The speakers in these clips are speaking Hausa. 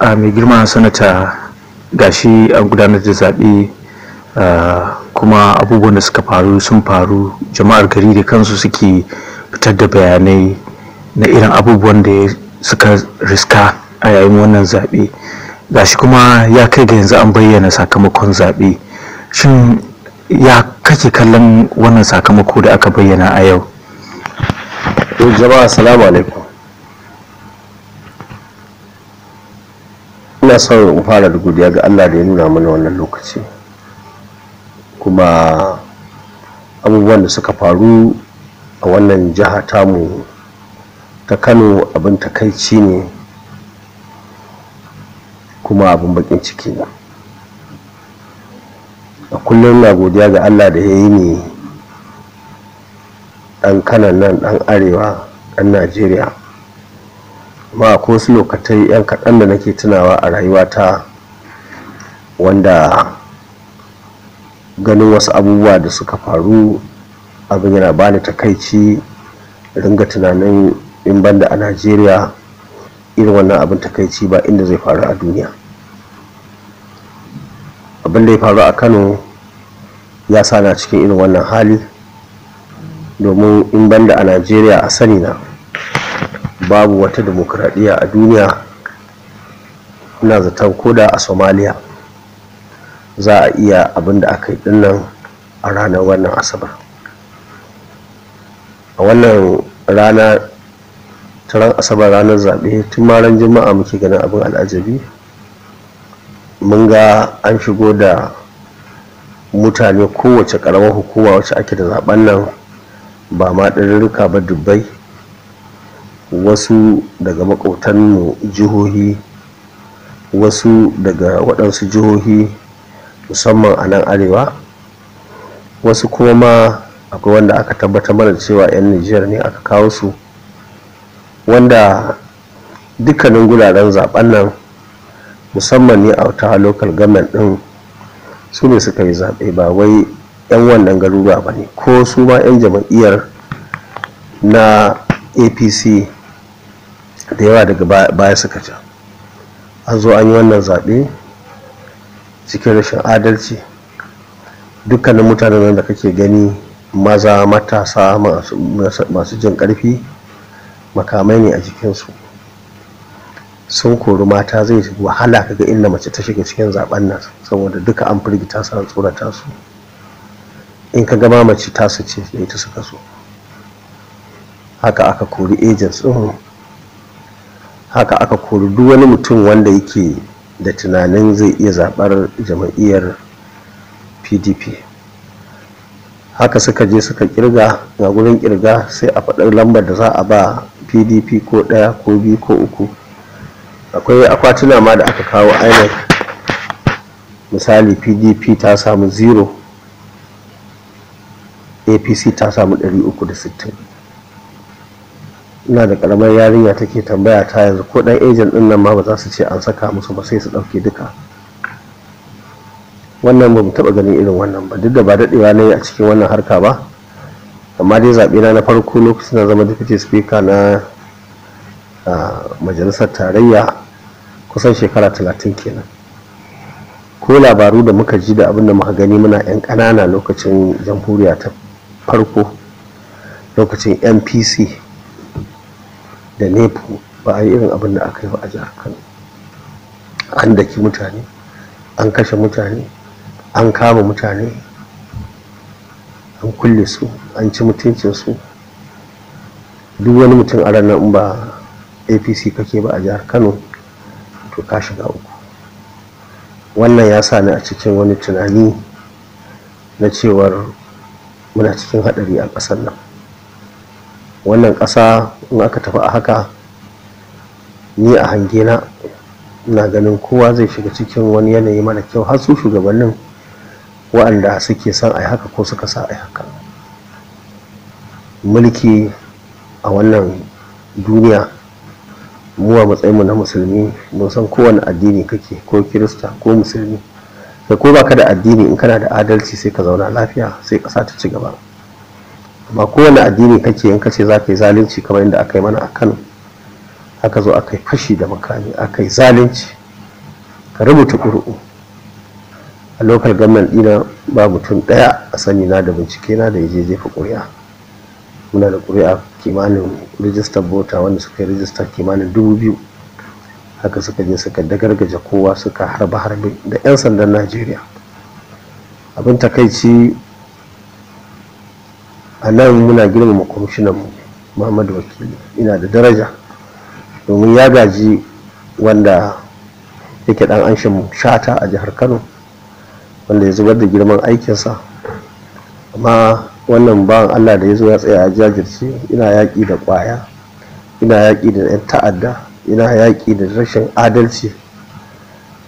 a mai girma sanata gashi an gudanar da zaɓe kuma abubuwan da suka faru sun faru jama'ar gari da kansu suke fitar da bayanai na irin abubuwan da suka riska a yayin wannan zaɓe gashi kuma ya kai ga yanzu an bayyana sakamakon zaɓe shin ya kake kallon wannan sakamako da aka bayyana a yau jama'a salamu alaikum ina son in fara da godiya ga Allah da ya nuna mana wannan lokaci kuma abubuwan da suka faru a wannan jiha tamu ta kano abin takaici ne kuma abin bakin ciki ne a kullum na godiya ga Allah da ya yi ni ɗan kanan nan ɗan arewa ɗan najeriya ma ko wasu lokatai yan kaɗan da nake tunawa a rayuwata wanda ganin wasu abubuwa da suka faru abin yana bani takaici ringa tunanin in banda a najeriya irin wannan abin takaici ba inda zai faru a duniya abin da ya faru a kano ya sana cikin irin wannan hali domin in banda a najeriya a sani na babu wata demokradiyya a duniya ina zaton koda a somaliya za a iya abinda da aka yi dinnan a ranar wannan asabar a wannan rana taron asabar ranar zaɓe tun maran juma'a muke ganin abin al'ajabi mun ga an shigo da mutane kowace ƙaramar hukuma wacce ake da zaɓen nan ba ma ɗarurruka ba dubbai wasu daga mu jihohi wasu daga waɗansu jihohi musamman a nan arewa wasu kuma ma akwai wanda aka tabbatar mana cewa 'yan nijiyar ne aka kawo su wanda dukkanin guraren zaben nan musamman ne a ta local government ɗin su ne suka yi zaɓe ba wai 'yan wannan garuruwa ba ne ko su ma 'yan jama'iyyar na apc da yawa daga baya suka ja an zo an yi wannan zaɓe cikin rashin adalci dukkanin mutanen da kake gani maza matasa masu jin ƙarfi makamai ne a jikinsu sun kori mata zai wahala kaga inda mace ta shiga cikin zaben nan saboda duka an firgita su an tsorata su in ka gama mace tasu ce da ita suka so haka aka kori agents ɗin haka aka kori duk wani mutum wanda yake da tunanin zai iya zaɓar jama'iyyar pdp haka suka je suka kirga ga gurin kirga sai a faɗar lambar da za a ba pdp ko ɗaya ko biyu ko uku akwai akwatuna ma da aka kawo ainihin misali pdp ta samu 0 apc ta samu 360 ina da karamar yarinya take tambaya ta yanzu ko dan ejen din nan ma ba za su ce an saka musu ba sai su dauke duka wannan ba mu taba ganin irin wannan ba duk da ba dadewa ne a cikin wannan harka ba amma dai zaɓe na na farko lokacin da zama deputy speaker na majalisar tarayya kusan shekara talatin kenan ko labaru da muka ji da abin da muka gani muna 'yan kanana lokacin jamhuriya ta farko lokacin npc da nepo ba a yi irin abin da aka yi a jihar kano an daki mutane an kashe mutane an kama mutane an kulle su an ci mutuncinsu duk wani mutum a ranar in ba apc kake ba a jihar kano to ka shiga uku wannan ya sa ni a cikin wani tunani na cewar muna cikin haɗari a ƙasar nan wannan ƙasa in aka tafi a haka ni a hange na, ina ganin kowa zai shiga cikin wani yanayi mara kyau har su shugabannin wa'anda suke son a yi haka ko suka sa a yi haka mulki a wannan duniya mu a matsayinmu na musulmi mun san kowane addini kake ko kirista ko musulmi da ko baka da addini in kana da adalci sai ka zauna lafiya sai ƙasa ta ci gaba ba kowane addini kake yin kace za ka yi zalunci kamar yadda aka yi mana a kano aka zo aka yi fashi da makami aka yi zalunci ka rubuta ƙuri'u a lokal government ɗina ba mutum ɗaya a sani na da bincike na da yaje jefa ƙuri'a muna da ƙuri'a kimanin rijistar bota wanda suka yi rijistar kimanin dubu biyu haka suka je suka dagargaje kowa suka harba harbe da 'yan sandan najeriya abin takaici a nan muna girmama mu muhammadu wakili ina da daraja domin ya gaji wanda yake dan anshin shata a jihar kano wanda ya zubar da girman aikinsa amma wannan bawan allah da ya zo ya tsaya a jajirce ina yaƙi da ƙwaya ina yaƙi da 'yan ta'adda ina yaƙi da rashin adalci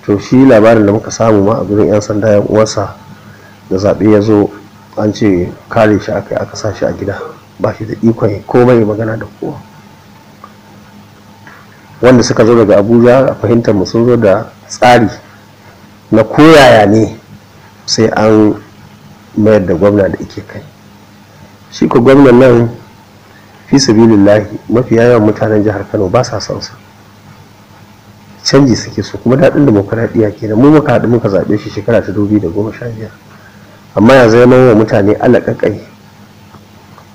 to shi labarin da muka samu ma a gurin 'yan sanda 'yan uwansa da zaɓe ya zo an ce kare shi aka aka sa shi a gida ba shi da ikon komai magana da kowa wanda suka zo daga abuja a fahimtar mu sun zo da tsari na koyaya ne sai an mayar da gwamna da ike kai shi ko gwamnan nan fi sabilillahi mafi yawan mutanen jihar kano ba sa son sa canji suke so kuma daɗin demokuraɗiyya ke mu muka haɗu muka zaɓe shi shekara ta dubi da goma sha biyar amma ya zama wa mutane alaƙaƙai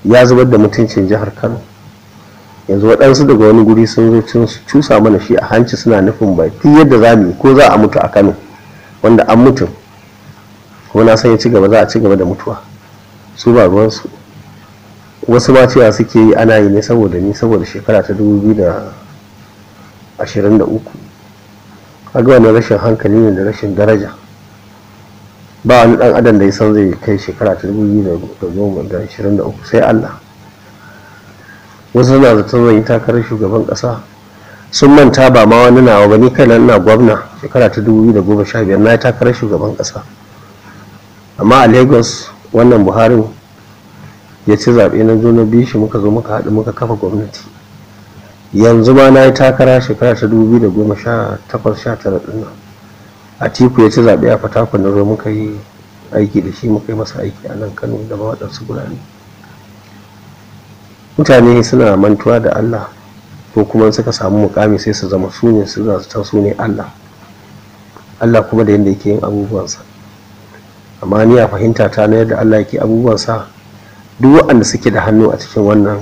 ya zubar da mutuncin jihar kano yanzu waɗansu daga wani guri sun zo cin su cusa mana shi a hanci suna nufin ba fi yadda za mu yi ko za a mutu a kano wanda an mutu ko na san ya ci gaba za a ci gaba da mutuwa su ba ruwansu wasu ma cewa suke yi ana yi ne saboda ni saboda shekara ta 2023 kaga na rashin hankali ne da rashin daraja ba wani dan adam da ya san zai kai shekara ta dubu biyu da goma da ashirin da uku sai allah wasu na zaton zan yi takarar shugaban ƙasa sun manta ba ma wani na ba ni kaina ina gwamna shekara ta dubu biyu da goma sha biyar na yi takarar shugaban ƙasa amma a lagos wannan buhari ya ci zaɓe na juna biyu shi muka zo muka haɗu muka kafa gwamnati yanzu ma na yi takara shekara ta dubu biyu da goma sha takwas sha tara ɗin nan a atiku ya ci zaɓe a Fatakon na zo muka yi aiki da shi muka yi masa aiki a nan kano da waɗansu gurare mutane suna mantuwa da allah ko kuma suka samu mukami sai su zama su ne su ta su allah allah kuma da yadda yake yin abubuwansa amma ni a fahimta ta na yadda allah yake abubuwansa duk waɗanda suke da hannu a cikin wannan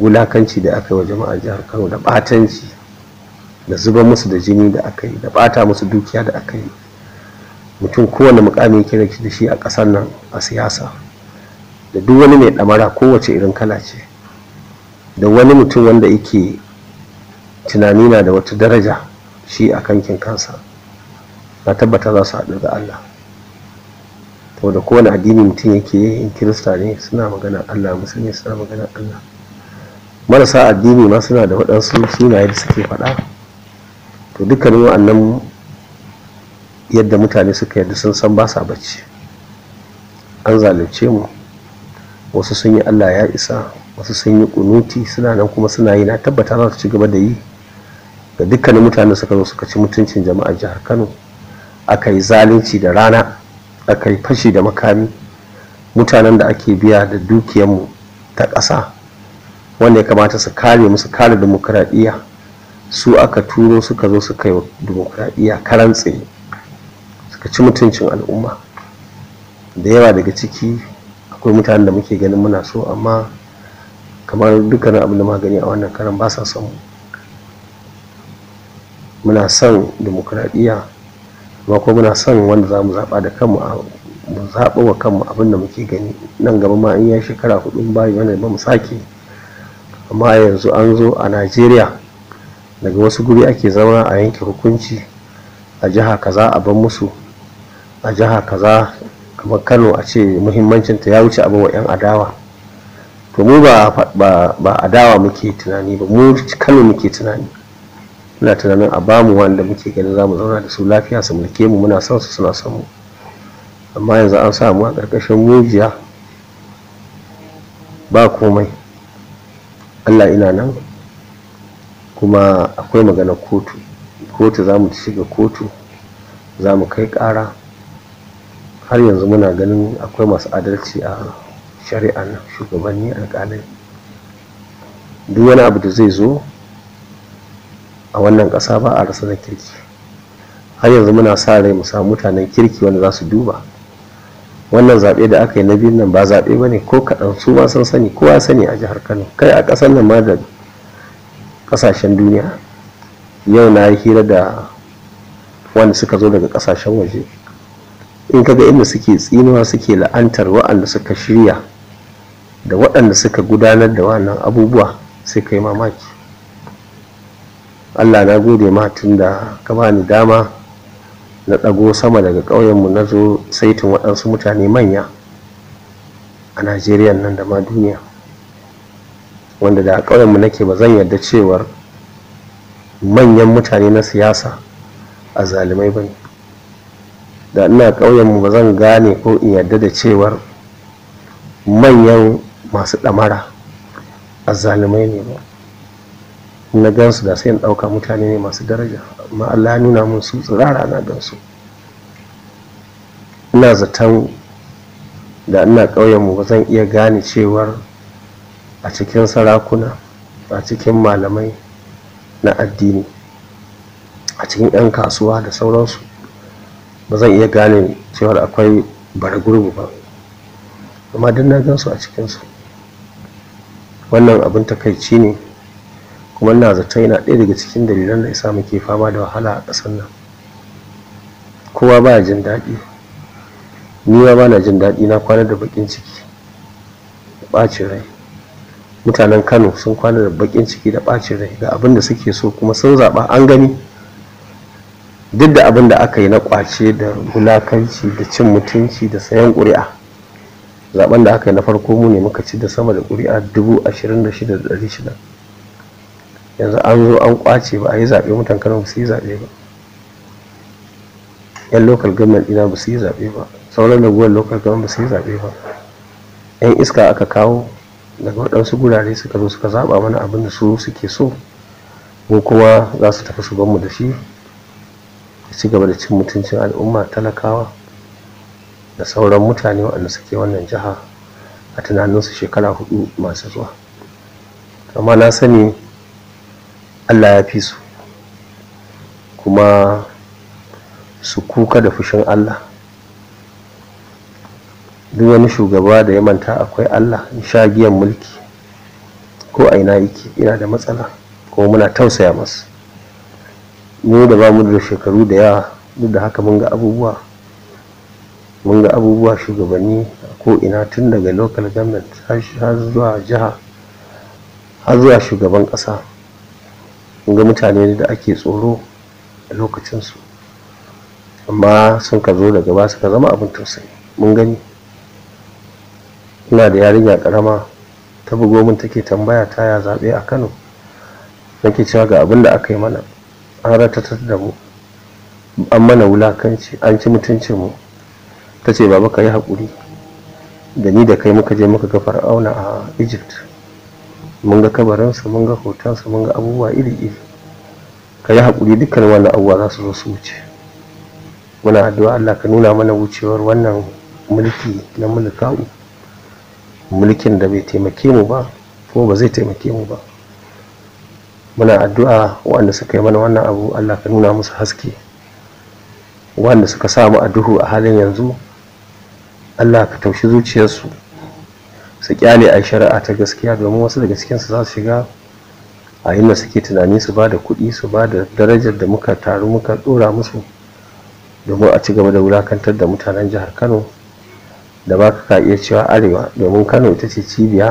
wulakanci da aka yi wa jama'a jihar kano da ɓatanci da zuba musu da jini da aka yi da bata musu dukiya da aka yi mutum kowane mukami ya kira da shi a ƙasar nan a siyasa da duk wani mai ɗamara kowace irin kala ce da wani mutum wanda yake tunani na da wata daraja shi a kankin kansa na tabbata za su haɗu da Allah to da kowane addini mutum yake yin kirista ne suna magana Allah musulmi suna magana Allah marasa addini ma suna da waɗansu sunaye da suke faɗa to dukkanin wa'annan yadda mutane suka yadda sun san ba sa bacci an zalunce mu wasu sun yi allah ya isa wasu sun yi kunuti suna nan kuma suna yi na tabbata za su ci gaba da yi ga dukkanin mutane suka zo suka ci mutuncin jama'ar jihar kano aka yi zalunci da rana aka yi fashi da makami mutanen da ake biya da dukiyarmu ta ƙasa wanda ya kamata su kare musu kare dimokuraɗiyya su aka turo suka zo suka yi demokradiyya karan tsaye suka ci mutuncin al'umma da yawa daga ciki akwai mutanen da muke ganin muna so amma kamar dukkanin abin da gani a wannan karan ba sa son muna son demokradiyya amma ko muna son wanda za mu zaɓa da kanmu a mu zaɓa wa kanmu abin da muke gani nan gaba ma in ya shekara hudu bayi wanda ba mu sake amma yanzu an zo a najeriya daga wasu guri ake zama a yanke hukunci a jiha kaza a ban musu a jiha kaza kamar kano a ce muhimmancinta ya wuce abin wa 'yan adawa to mu ba adawa muke tunani ba mu kano muke tunani muna tunanin a bamu wanda muke gani za mu zauna da su lafiya su mulke mu muna son su suna son mu amma yanzu an sa mu a ƙarƙashin mujiya ba komai allah ina nan kuma akwai magana kotu kotu za mu shiga kotu za mu kai ƙara har yanzu muna ganin akwai masu adalci a shari'an shugabanni alƙalai duk wani abu da zai zo a wannan ƙasa ba a rasa na kirki har yanzu muna sa rai mu samu mutanen kirki wanda za su duba wannan zaɓe da aka yi na biyun nan ba zaɓe ba ne ko kaɗan su ma sun sani kowa sani a jihar kano kai a ƙasar nan ma da kasashen duniya yau na yi hira da wanda suka zo daga kasashen waje in ka ga inda suke tsinuwa suke la'antar waɗanda suka shirya da waɗanda suka gudanar da wannan abubuwa sai kai mamaki allah na gode ma tun da ka bani dama na ɗago sama daga ƙauyenmu na zo saitin waɗansu mutane manya a najeriya nan da ma duniya wanda da ƙauyenmu nake ba zan yarda cewar manyan mutane na siyasa a zalimai ba ne da ina ƙauyenmu ba zan gane ko in yarda da cewar manyan masu ɗamara a zalimai ne ba na gansu da sai in ɗauka mutane ne masu daraja amma Allah ya nuna mun su tsirara na gansu ina zaton da ina ƙauyenmu ba zan iya gane cewar a cikin sarakuna a cikin malamai na addini a cikin 'yan kasuwa da sauransu ba zan iya gane cewar akwai baragurbu ba amma duk na gansu a cikinsu wannan abin takaici ne kuma na zato yana ɗaya daga cikin dalilan da isa muke fama da wahala a ƙasar nan kowa ba jin daɗi ni ma ba na jin daɗi na kwana da bakin ciki ɓacin rai mutanen kano sun kwana da bakin ciki da bacin rai ga abin da suke so kuma sun zaɓa an gani duk da abin da aka yi na kwace da gulakanci da cin mutunci da sayan ƙuri'a zaben da aka yi na farko mu ne muka ci da sama da ƙuri'a dubu ashirin da shida da ɗari shida yanzu an zo an kwace ba a yi zaɓe mutan kano ba su yi zaɓe ba yan local government ina ba su yi zaɓe ba sauran raguwar local government ba su yi zaɓe ba yan iska aka kawo daga waɗansu gurare suka zo suka zaɓa mana abin da su suke so ko kuma za su tafi su mu da shi ci gaba da cin mutuncin al'umma talakawa da sauran mutane waɗanda suke wannan jiha a tunaninsu shekara hudu masu zuwa amma na sani allah ya fi su kuma su kuka da fushin allah duk wani shugaba da ya manta akwai Allah sha giyan mulki ko a ina yake ina da matsala ko muna tausaya masu mu da ba mu da shekaru da yawa duk da haka mun ga abubuwa mun ga abubuwa shugabanni ko ina tun daga local government har zuwa jiha har zuwa shugaban ƙasa mun ga mutane da ake tsoro a lokacinsu amma sun ka zo daga ba suka zama abin tausayi mun gani ina da yarinya karama ta bugo min take tambaya ta ya zaɓe a kano nake cewa ga abin da aka yi mana an ratatar da mu an mana wulakanci an ci mutuncin mu ta ce baba ka yi haƙuri da ni da kai muka je muka ga fara'auna a egypt mun ga kabarinsa mun ga hotonsa mun ga abubuwa iri-iri ka yi haƙuri dukkan wannan abubuwa za su zo su wuce muna addu'a allah ka nuna mana wucewar wannan mulki na mulka'u mulkin da bai taimake mu ba ko ba zai taimake mu ba muna addu'a waɗanda suka yi mana wannan abu Allah ka nuna musu haske waɗanda suka samu a duhu a halin yanzu Allah ka taushi zuciyarsu su kyale a shari'a ta gaskiya domin wasu daga cikinsu za su shiga a inda suke tunani su ba da kuɗi su ba da darajar da muka taru muka ɗora musu domin a ci gaba da wulakantar da mutanen jihar kano da ba ka iya cewa arewa domin kano ita ce cibiya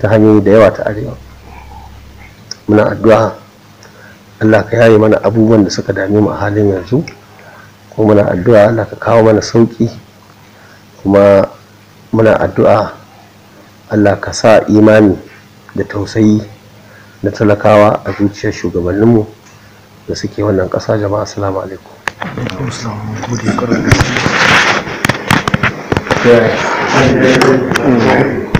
ta hanyoyi da yawa ta arewa muna addu'a allah ka yaye mana abubuwan da suka dame mu a halin yanzu kuma muna addu'a allah ka kawo mana sauki kuma muna addu'a allah ka sa imani da tausayi na talakawa a zuciyar shugabanninmu da suke wannan ƙasa jama'a assalamu alaikum 对，嗯。